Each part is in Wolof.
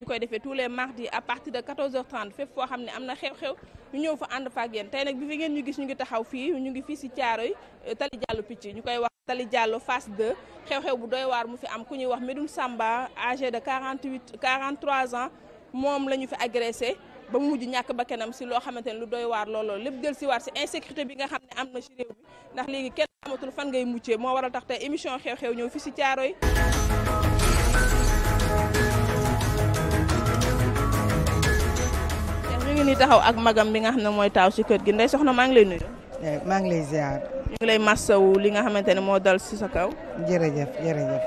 ñu koy defee tout les mardis à partir de 14h30 fépp foo xam ne am na xew-xew ñu ñëw fa ànd fa ak yéen tey nag bi fi ngeen ñu gis ñu ngi taxaw fii ñu ngi fii si Caaroy euh, Tali Jàllo Picc ñu koy wax Tali Jàllo phase 2 xew-xew bu doy waar mu fi am ku ñuy wax Medoune Samba âgé de 48 43 ans moom la ñu fi agressé ba mu mujj ñàkk ba bakkanam si loo xamante ne lu doy waar lool lool lépp del si waar si insécurité bi nga xam ne am na si réew mi ndax léegi kenn amatul fan ngay moo waral tax tey émission xew ñëw fi si Caaroy ngi taxaw ak magam bi nga xam ne mooy taaw si kër gi ndey soxna maa ngi lay nuyu. Eh, maa ngi lay ziar. ñu ngi lay massawu li nga xamante ne moo dal si sa kaw. jërëjëf jërëjëf.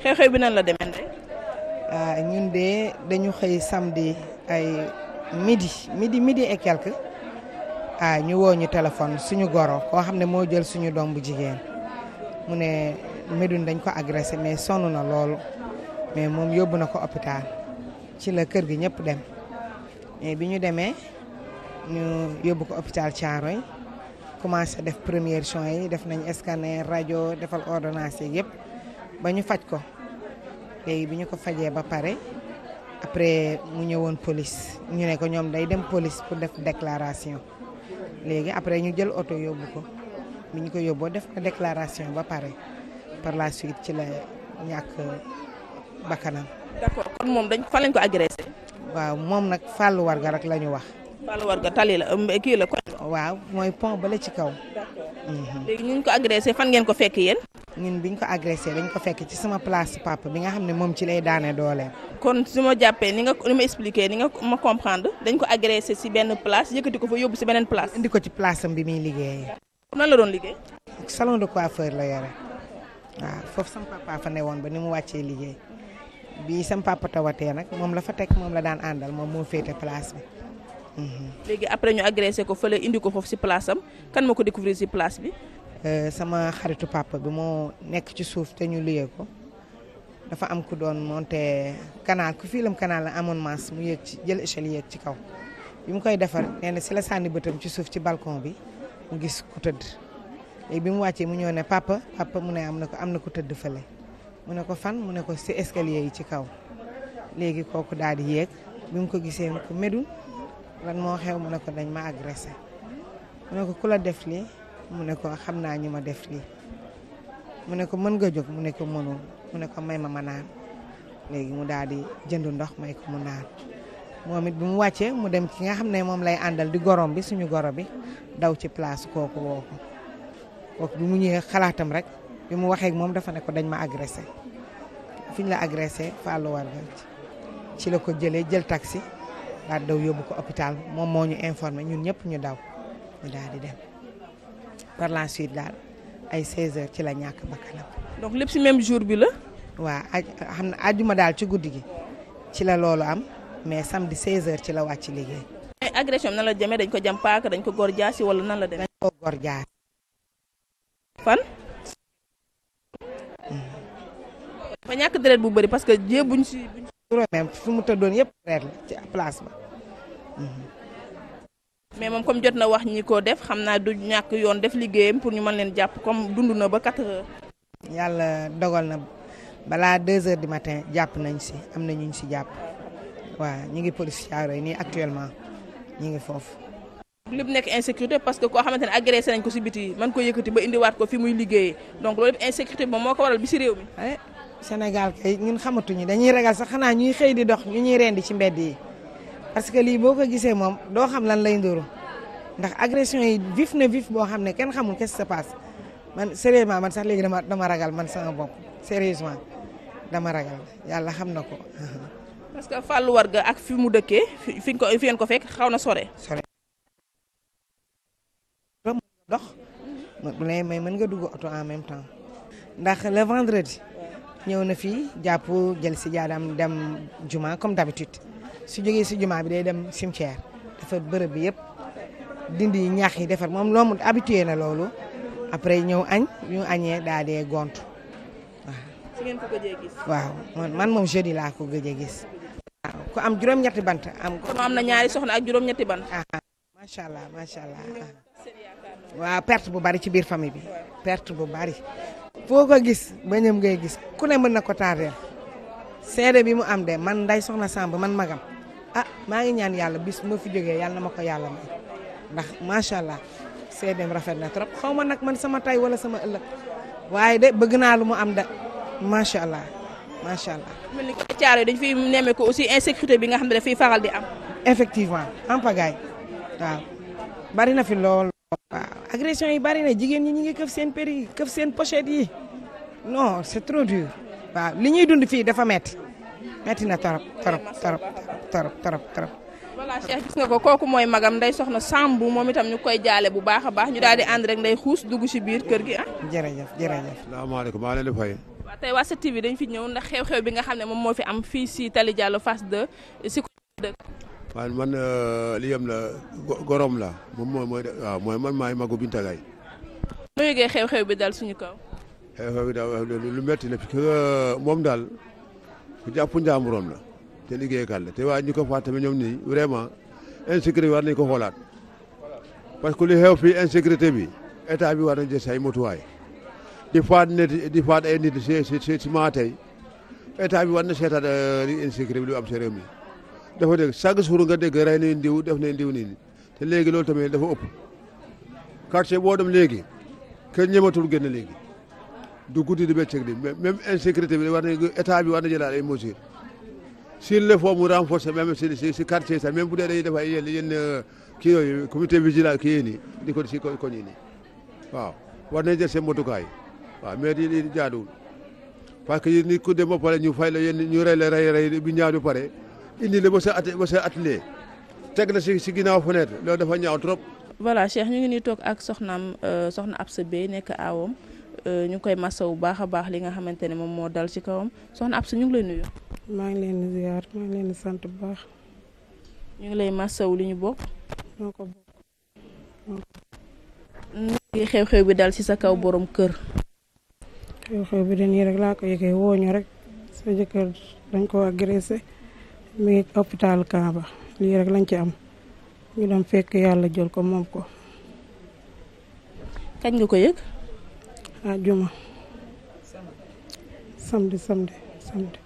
xew-xew bi nan la demee ndey. Ah, ñun de dañu xëy samedi ay midi midi midi et ah ñu woo téléphone suñu goro koo xam ne moo jël suñu doom bu jigéen mu ne Médoune dañ ko agressé mais sonn na loolu mais moom yóbbu na ko hôpital ci la kër gi ñëpp dem. bi ñu demee ñu yóbbu ko hôpital Thiaroye commencé def première soins yi def nañ scanner rajo defal ordonnance yi yëpp ba ñu faj ko léegi bi ñu ko fajee ba pare après mu ñëwoon police ñu ne ko ñoom day dem police pour def déclaration léegi après ñu jël oto yóbbu ko bi ñu ko yóbboo def na déclaration ba pare par la suite ci la ñàkk bakkanam. d'accord lañ ko agressé. waaw moom nag war ga rek la ñu wax. Fallou Warga tali la kii la. waaw mooy pont ba la ci kaw. Mhm. léegi ñu ko agressé fan ngeen ko fekk yéen. bi ñu ko agressé dañ ko fekk ci sama place papa bi nga xam ne moom ci lay daane dooleem. kon su ma jàppee ni nga ni ma expliqué ni nga ma comprendre dañ ko agressé si benn place yëkkati ko fa yóbbu si beneen place. indi ko ci place am bi muy liggéeyee. nan la doon liggéey. salon de coiffeur la yore waaw foofu sama papa fa ne woon ba ni mu wàccee liggéey. bii sam papa nag moom la fa teg moom la daan àndal moom moo féete place bi. Mhm. léegi après ñu agressé ko fële indi ko foofu si place am kan ma ko découvrir si place bi. Euh, sama xaritu papa bi moo nekk ci suuf te ñu luyee ko dafa am ku doon monté canal ku fiilam canal la amoon masse mu yéeg ci jël échelle yéeg ci kaw. bi mu koy defar nee si la sànni bëtam ci suuf ci balcon bi mu gis ku tëdd léegi bi mu wàccee mu ñëw ne papa papa mu ne am na ko am na ku tëdd fële. mu ne ko fan mu ne ko si escalier yi ci kaw léegi kooku daal di yéeg bi mu ko gisee mu ko medul lan moo xew mu ne ko dañ ma agressé mu ne ko ku la def lii mu ne ko xam naa ñu ma def lii mu ne ko mën nga jóg mu ne ko mënul mu ne ko may ma ma naan léegi mu daal di jënd ndox may ko mu naan moom it bi mu wàccee mu dem ki nga xam ne moom lay àndal di gorom bi suñu goro bi daw ci place kooku woo ko kooku bi mu ñëwee xalaatam rek. bi mu waxee moom dafa ne ko dañ ma agressé fi ñu la agressé Fallou Warga ci la ko jëlee jël taxi daal daw yóbbu ko hôpital moom moo ñu informé ñun ñëpp ñu daw ñu daal di dem par la suite daal ay 16 heures ci la ñàkk bakkanam donc lépp si même jour bi la. waa a xam ne àjjuma daal ci guddi gi ci la loolu am mais samedi 16 heures ci la ci liggéey. ay agression na la demee dañ ko jam paaka dañ ko góor jaasi wala nan la demee. dañ ko góor fan. ba ñàkk deret bu bëri parce que jéem buñ si buñ si. fi mu tëddoon yëpp reer la ci place ba. Mhm. mais moom comme jot na wax ñi ko def xam naa du ñàkk yoon def liggéeyam pour ñu man leen jàpp comme dund na ba 4 heures. yàlla dogal na balaa 2 heures du matin jàpp nañ si am na ñu ñu si jàpp waaw ñu ngi police Thiaroye nii actuellement ñu ngi foofu. lépp nekk insécurité parce que koo xamante ne agressé nañ ko si biti man ko yëkkati ba indiwaat ko fi muy liggéeyee donc loolu lépp insécurité bi moom moo ko waral bi mi. Eh, Sénégal kay ñun xamatuñu dañuy ragal sax xanaa ñuy xëy di dox ñu ñuy rendi ci mbedd yi parce que lii boo ko gisee moom doo xam lan lay nduru ndax agression yi vif na vif boo xam ne kenn xamul qu'est-ce man sérieusement man sax léegi dama dama ragal man sama bopp sérieusement dama ragal yàlla xam na ko. parce que Fallou Warga ak fi mu dëkkee fi ko ko fekk xaw na sore. sore dox. mu may mën nga dugg oto en même temps ndax le vendredi. ñëw na fii jàpp jël si jaadam dem juma comme d'habitude su jógee si jumaa bi day dem cimetière defar bërëb yëpp dindi ñax yi defar moom loo mu na loolu après ñëw añ ñu añee daa dee gont waaw. si man man moom jeudi laa ko gëjee gis. waaw ku am juróom-ñetti bant am. kon am na ñaari soxna ak juróom-ñetti bant. Ah, ah, macha allah macha allah. Ah. waaw perte bu bari ci biir famille bi. perte bu bari foo ko gis bañam ngay gis ku ne mën na ko tardeel seede bi mu am de man nday soxna Samb man magam ah maa ngi ñaan yàlla bis ma fi jógee yàlla na ma ko yàlla may ndax macha allah seedeem rafet na trop xaw ma nag man sama tay wala sama ëllëg waaye de bëgg naa lu mu am da macha allah macha allah. mel ni caare dañ fi nemme ko aussi insécurité bi nga xam ne dafay faral di am. effectivement en pagaille waaw bari na fi lool. agression yi bari na jigéen ñi ñu ngi këf seen péri yi këf seen pochette yi non c'est trop dur waaw li ñuy dund fii dafa metti metti na torop torop torop torop torop torop voilà Cheikh gis nga ko kooku mooy magam nday soxna Samb moom itam ñu koy jaale bu baax a baax ñu daal di ànd rek nday xuus dugg ci biir kër gi ah. jërëjëf jërëjëf. salaamaaleykum maa leen di fay. waaw tey waa 7TV fi ñëw ndax bi nga xam ne moom moo fi am fii ci Tali Diallo face 2 ci. man man liyam gorom la moom mooy mooy mooy man maay magu Binta Gaye. nga yëgee xew-xew lu metti la parce que moom daal ku jàpp njàmburam la te liggéeykat la waa ñu ko faat tamit nii vraiment insécurité war nañu ko que li xew fii bi état bi war na jël say motuwaay di faat nit di faat ay nit si si si si maa tey bi war na seetaat insécurité bi lu am mi. dafa dégg chaque jour nga dégg rey na diw def nañ diw nii te léegi loolu tamit dafa ëpp quartier boo dem léegi kenn ñematul génn léegi du guddi di bëccëg di même insécurité bi war na état bi war na jëlaat ay mesures s'il le faut mu renforcer même si si sa sax bu dee dañuy def ay yenn yenn kii yooyu comité vigilant kii yee nii di ko si koñ yi nii waaw war nañ jël seen motukaay waaw mais di di jaaduwul parce que nit ku dem ba pare ñu fay la yenn ñu rey la rey rey bi ñaar ba pare indi la ba sa at teg la si si ginnaaw fenêtre loolu dafa ñaaw trop. voilà Cheikh ñu ngi nii toog ak soxnaam euh, soxna ab sa Bey nekk aawam euh, ñu koy massa bu baax a baax li nga xamante ne moom moo dal ci kawam soxna Absa ñu ngi lay nuyu. maa ngi leen di ziar ngi leen di sant bu baax. ñu ngi lay massawu li ñu bokk. ñoo ko bokk. xew-xew bi dal ci sa kaw boroom kër. xew-xew bi dañuy rek laa ko yëgee woo ñu rek sa jëkkër dañ ko agressé mi ngi hôpital Kamba lii rek lañ ci am ñu dem fekk yàlla jël ko moom ko. kañ nga ko yëg. ajuma samedi samedi samedi.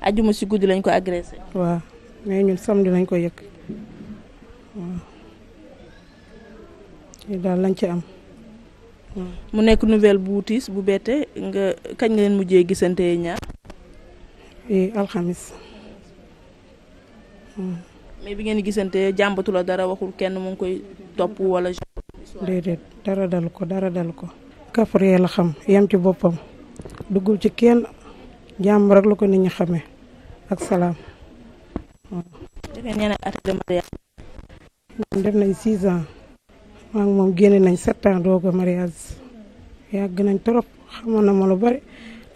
ajuma si guddi lañ ko agressé. waaw mais ñun samedi lañ ko yëg waaw daal lañ ci am. mu nekk nouvelle bu tiis bu bete nga kañ nga leen mujje gisante ñaar. alxamis. mais bi ngeen gisantee jàmbatu la dara waxul kenn mu ngi koy topp wala. déedéet dara dal ko dara dal ko. Kaffrine la xam yam ci boppam duggul ci kenn jàmm rek la ko nit ñu xamee ak salaam. defe naa at de mariage. moom génne nañ sept ans doog a mariage yàgg nañ trop xamoon na ma lu bari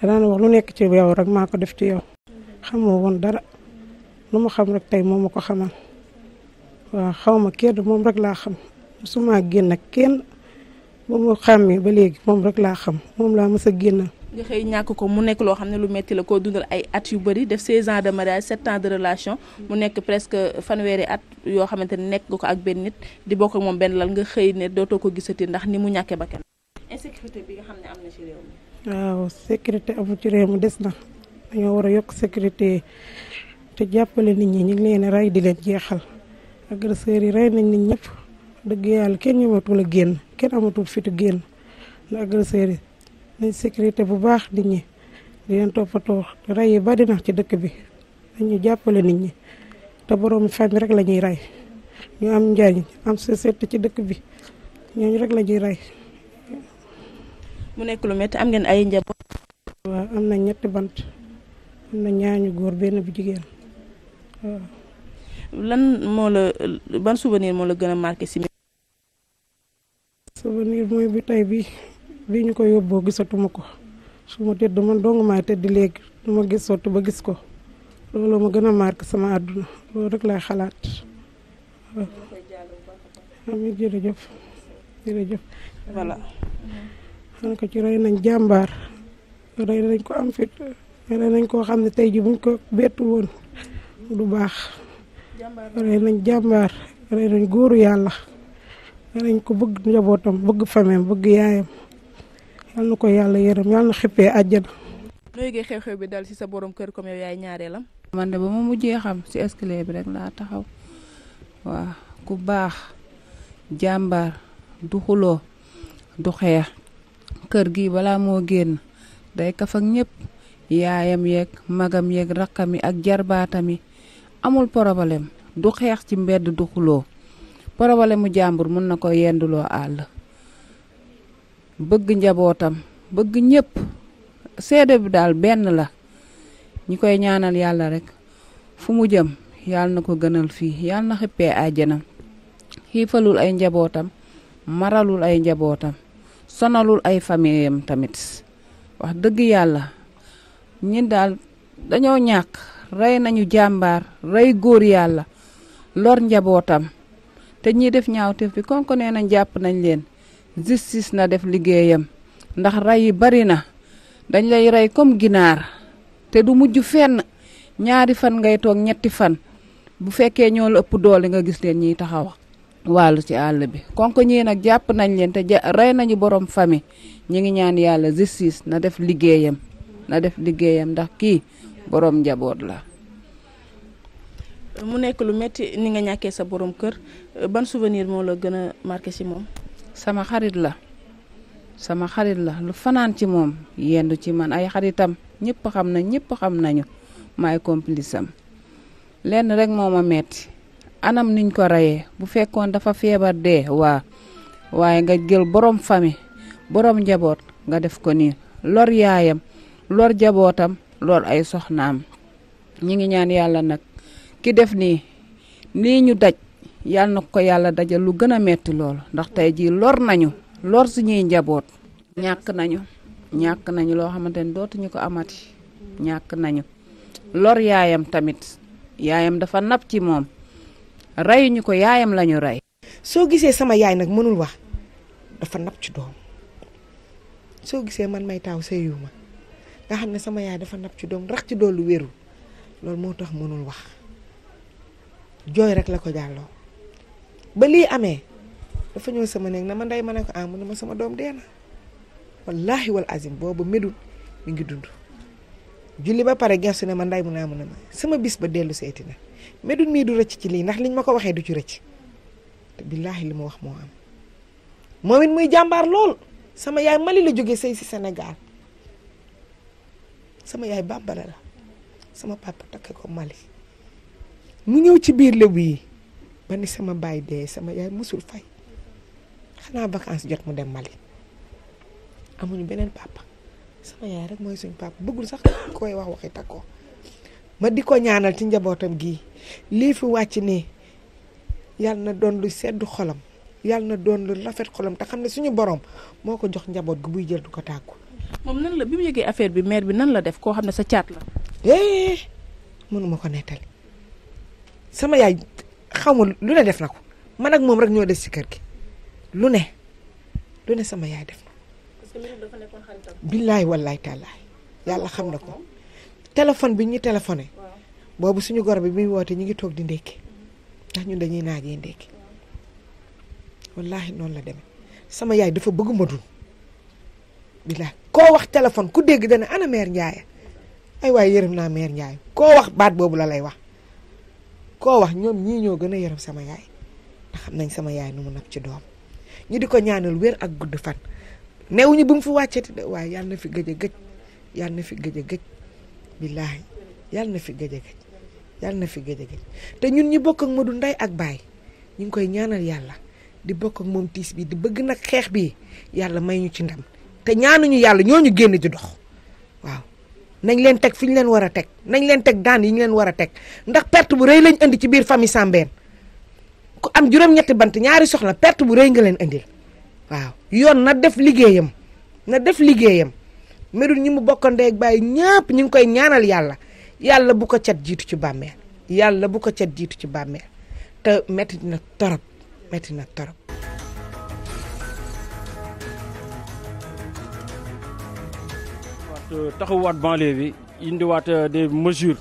danaa wax lu nekk ci yow rek maa ko def ci yow xamoo woon dara. lu ma xam rek tey moom ma ko xamal waaw xaw ma kenn moom rek laa xam musuma génn ak kenn ba mu xàmmee ba léegi moom rek laa xam moom laa mës a génn. nga xëy ñàkk ko mu nekk loo xam ne lu metti la koo dundal ay at yu bëri def 16 ans de mariage 7 ans de relation mu nekk presque fanweeri at yoo xamante ne nekk nga ko ak benn nit di bokk ak moom benn lal nga xëy ne dootoo ko gisati ndax ni mu ñàkkee ba kenn. insécurité bi nga xam ne am na ci réew mi. waaw sécurité amul ci réew mu des na dañoo war a yokk sécurité. te jàppale nit ñi ñu ngi leen rey di leen jeexal agresseurs yi rey nañ nit ñëpp dëgg yàlla kenn ñëwatul a génn kenn amatul fitu génn ndax agresseurs yi sécurité bu baax nit ñi di leen toppatoo rey yi bari na ci dëkk bi dañu jàppale nit ñi te boroomu famille rek la ñuy rey ñu am njariñ am société ci dëkk bi ñooñu rek la ñuy rey. mu nekk lu métti am ngeen ay njaboot. waaw am na ñetti bant am na ñaañu góor benn bu jigéen. Hmm. lan moo la ban souvenir moo la gën a marqué si. souvenir mooy bi tey bii bii ñu ko yóbboo gisatuma ko su ma tëdd man dong maa tëdd léegi du ma gis sotti ba gis ko loolu ma gën a marqué sama àdduna loolu rek laay xalaat waaw. amiin jërëjëf jërëjëf. voilà. xam ko ci rey nañ jàmbaar rey nañ ko am fit rey nañ koo xam ne tey ji buñ ko bettu woon. du baax rey nañ jàmbaar rey nañ góoru yàlla rey nañ ko bëgg njabootam bëgg fameem bëgg yaayam yal na ko yàlla yërëm yal na xippee àjjana noo yëgee xew-xew bi dal ci sa borom kër comme yow yaay ñaareelam man de ba ma mujjee xam ci escalier bi rekk laa taxaw waaw ku baax jàmbaar du xuloo du xeex kër gi balaa moo génn day kaf ñépp yaayam yeeg magam yeeg rakkam yi ak jarbaatam yi amul problème du xeex ci mbedd du xuloo problème mu jàmbur mun na ko yenduloo àll bëgg njabootam bëgg ñépp seede bi daal benn la ñu koy ñaanal yàlla rekk fu mu jëm yàlla na ko gënal fii yàlla na xippee àjjanam xiifalul ay njabootam maralul ay njabootam sonalul ay famiyam tamit wax dëgg yàlla ñi daal dañoo ñàkk rey nañu jàmbaar rey góor yàlla lor njabootam te ñiy def ñaawteef bi kon ko nañ jàpp nañ leen justice na def liggéeyam ndax rey yi bari na dañ lay rey comme ginaar te du mujj fenn ñaari fan ngay toog ñetti fan bu fekkee ñoo la ëpp doole nga gis leen ñii taxaw wàllu ci àll bi kon ko nag jàpp nañ leen te rey nañu borom fami ñu ngi ñaan yàlla justice na def liggéeyam na def liggéeyam ndax kii boroom njaboot la. mu nekk lu metti ni nga ñàkkee sa borom kër ban souvenir moo la gën a marqué si moom. sama xarit la sama xarit la lu fanaan ci moom yendu ci man ay xaritam ñëpp xam na ñëpp xam nañu maay complice lenn rek moo ma metti anam niñ ko reyee bu fekkoon dafa feebar dee waa waaye nga jël borom famille borom njaboot nga def ko nii lor yaayam lor jabootam. lor ay soxnaam ñi ngi ñaan yàlla nag ki def nii lii ñu daj yàlla na ko yàlla dajal lu gën a metti lool ndax tey jii lor nañu lor suñuy njaboot ñàkk nañu ñàkk nañu loo xamante ni dootuñu ko amati ñàkk nañu lor yaayam tamit yaayam dafa nab ci moom reyuñu ko yaayam lañu rey soo gisee sama yaay nag mënul wax dafa nab ci doom soo gisee man may taaw sëyuma nga xam ne sama yaay dafa nab ci doom rax ci doolu wéru loolu moo tax mënul wax jooy rek la ko jàlloo ba lii amee dafa ñëw sama néeg na ma ndey ma ne ko ah mu ne ma sama doom dee na wallaahi wal azim mi ngi dund julli ba pare gestu ne ma ndey mu naa mu ne ma sama bis ba dellu seeti na medul mii du rëcc ci lii ndax liñ ma ko waxee du ci rëcc te billaahi li mu wax moo am moom it muy jàmbaar lool sama yaay Mali la jóge sëy si senegaal sama yaay bambara la sama papa takk ko Mali mu ñëw ci biir lébu yi ba ni sama baay dee sama yaay musul fay xanaa vacances jot mu dem Mali amuñu beneen papa sama yaay rek mooy suñ papa bëggul sax koy wax waxi takkoo ma di ko ñaanal ci njabootam gi lii fi wàcc nii yàlla na doon lu sedd xolam yàlla na doon lu rafet xolom te xam ne suñu borom moo ko jox njaboot gi buy jël du ko tàggu moom nan la bi mu yëgee affaire bi maire bi nan la def koo xam ne sa caat la. Eh, mënuma ko nettali sama yaay ma lu ne def na ko man ak moom rek ñoo des ci kër gi lu ne lu ne sama yaay def na parce que dafa nekkoon xam na ko téléphone bi ñu téléphoné. boobu suñu goro bi bi mu woote ñu ngi toog di ndékki ndax ñun dañuy naajee ndékki wallaahi noonu la demee sama yaay dafa bëgg ma bilaay koo wax téléphone ku dégg dana ana mère Ndiaye ay waay yërëm naa mère Ndiaye koo wax baat boobu la lay wax koo wax ñoom ñii ñoo gën a yërëm sama yaay ndax xam nañ sama yaay nu mu nag ci doom ñu di ko ñaanal wér ak gudd fan newuñu bu mu fi wàcceti de waaye yàlla na fi gëj a gëj na fi gëj a gëj billaahi yàlla na fi gëj a gëj na fi gëj a te ñun ñi bokk ak Modou ndey ak baay ñu ngi koy ñaanal yàlla di bokk ak moom tiis bi di bëgg nag xeex bi yàlla may ñu ci ndam te ñu yàlla ñoo ñu génn di dox waaw nañ leen teg fi ñu leen war a teg nañ leen teg daan yi ñu leen war a teg ndax perte bu rëy lañ indi ci biir famille Sambène ku am juróom-ñetti bant ñaari soxla perte bu rëy nga leen indil waaw yoon na def liggéeyam na def liggéeyam medul ñi mu bokkandee ak bàyyi ñëpp ñu ngi koy ñaanal yàlla yàlla bu ko cet jiitu ci bàmmeel yàlla bu ko cat jiitu ci bàmmeel te métti na torop métti na torop Euh, taxawaat banlieue bi indiwaat euh, des mesures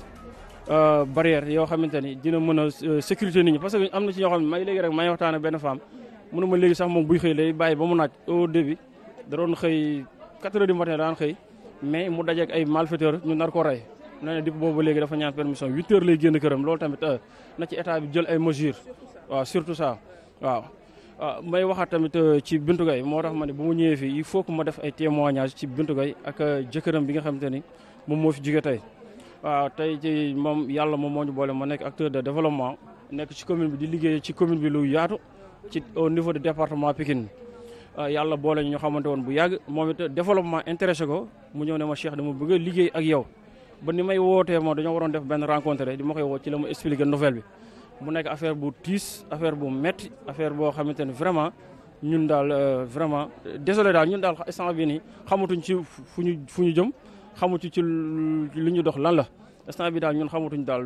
euh, barrières yoo xamante ni dina mën a sécurité nit ñi parce que am na ci ñoo xam may léegi rek may waxtaan ak benn femme mënu ma léegi sax moom buy xëy day bàyyi ba mu naaj au début da doon xëy 4 heures du matin daan xëy mais mu dajeeg ay malfaiteurs ñu nar ko rey na ne dipp boobu léegi dafa ñaan permission 8 heures lay génn këram loolu tamit na ci état bi jël ay mesures waaw surtout ça waaw. ah may waxaat tamit euh, ci Bintu Gaye moo tax ma ne bu mu ñëwee fii il faut que ma def ay témoignages ci Bintu Gaye ak euh, jëkkëram bi nga xamante ni moom moo fi jóge tey. waaw ah, tey ci moom yàlla moo ñu boole ma nekk acteur de développement nekk ci commune bi di liggéey ci commune bi lu yaatu ci au niveau de département Pikine ah, yàlla boole ñu xamante woon bu yàgg moom it développement intéressé ko mu ñëw ne ma Cheikh dama ma a liggéey ak yow ba ni may wootee ma dañoo waroon def benn rencontre di m koy woo ci la ma expliqué nouvelle mu nekk affaire bu tiis affaire bu metti affaire boo xamante ne vraiment ñun daal euh, vraiment désolé daal ñun daal instant bi nii xamatuñ ci fu ñu fu ñu jëm xamatuñ ci li ñu dox lan la instant bi daal ñun xamatuñ daal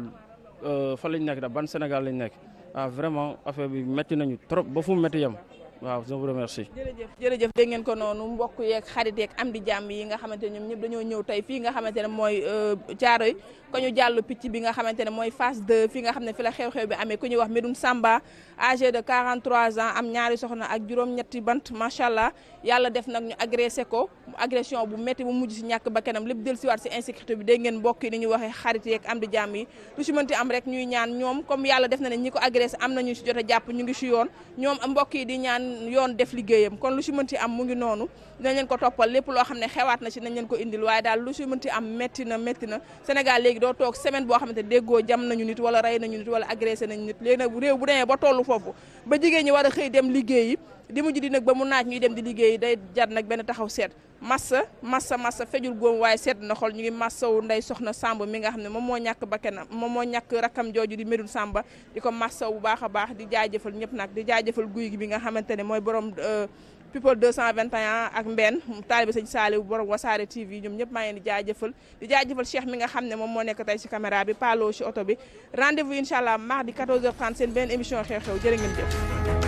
euh, fan lañ nekk daal ban Sénégal lañ nekk ah vraiment affaire bi metti nañu trop ba fu mu metti yem. waaw je vous remercie. jërëjëf jërëjëf dégg ngeen ko noonu mbokk yeeg xarit yeeg jàmm yi nga xamante ne ñoom ñëpp dañoo ñëw tey fii nga xamante ne mooy Caaroy euh, ko ñu jàll picc bi nga xamante ne mooy phase 2 fii nga xam ne fi la xew bi amee ku ñuy wax Medoune Samba âgé de 43 ans am ñaari soxna ak juróom-ñetti bant macha allah yàlla def nag ñu agressé ko agression bu métti bu mujj si ñàkk ba kanam lépp del siwaat si insécurité bi dégg ngeen mbokk yi ni ñu waxee xarit yeeg am di jàmm yi lu si am rek ñuy ñaan ñoom comme yàlla def na ne ñi ko agressé am na ñu si jot a jàpp ñu ngi si yoon ñoom mbokk di ñaan yoon def liggéeyam kon lu ci mënti am mu ngi noonu dinañ leen ko toppal lépp loo xam ne xewaat na ci nañ leen ko indil waaye daal lu ci mënti am métti na métti na Sénégal léegi doo toog semaine boo xamante déggoo jam nañu nit wala rey nañu nit wala agressé nañu nit léegi nag réew bu demee ba tollu foofu ba jigéen ñi war a xëy dem liggéeyi di mujj di nag ba mu naaj ñuy dem di liggéeyi day jar nag benn taxaw seet massa massa massa fejul góom waaye seet na xol ñu ngi massawu ndey soxna Samba mi nga xam ne moom moo ñàkk bakkanam moom moo ñàkk rakkam jooju di Medoune Samba di ko massaw bu baax a baax di jaajëfal ñëpp nag di jaajëfal guy bi nga xamante ne mooy borom euh, people 221 ak mbenn taalibe sëñ Saaliw borom Wassare TV ñoom ñëpp maa ngi leen di jaajëfal di jaajëfal Cheikh mi nga xam ne moom moo nekk tey ci caméra bi palo ci oto bi rendez-vous incha allah mardi 14h30 seen benn émission xew-xew jërë ngeen jëf